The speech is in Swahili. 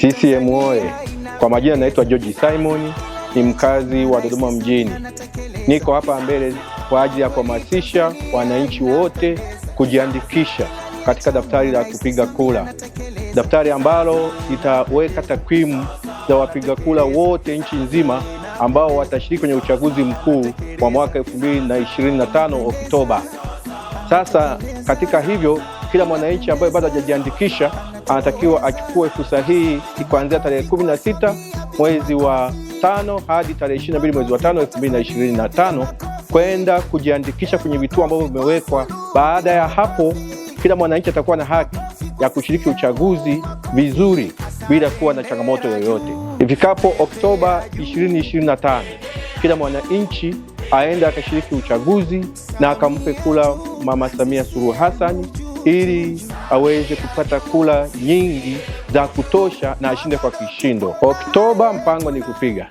CCM oye! Kwa majina naitwa George Simon, ni mkazi wa Dodoma mjini. Niko hapa mbele kwa ajili ya kuhamasisha wananchi wote kujiandikisha katika daftari la kupiga kura, daftari ambalo litaweka takwimu za wapiga kura wote nchi nzima ambao watashiriki kwenye uchaguzi mkuu wa mwaka 2025 Oktoba. Sasa katika hivyo kila mwananchi ambaye bado hajajiandikisha anatakiwa achukue fursa hii kuanzia tarehe kumi na sita mwezi wa tano hadi tarehe ishirini na mbili mwezi wa tano elfu mbili na ishirini na tano kwenda kujiandikisha kwenye vituo ambavyo vimewekwa. Baada ya hapo, kila mwananchi atakuwa na haki ya kushiriki uchaguzi vizuri bila kuwa na changamoto yoyote. Ifikapo Oktoba 2025 kila mwananchi aende akashiriki uchaguzi na akampe kula Mama Samia Suluhu Hassan ili aweze kupata kula nyingi za kutosha na ashinde kwa kishindo. Oktoba mpango ni kupiga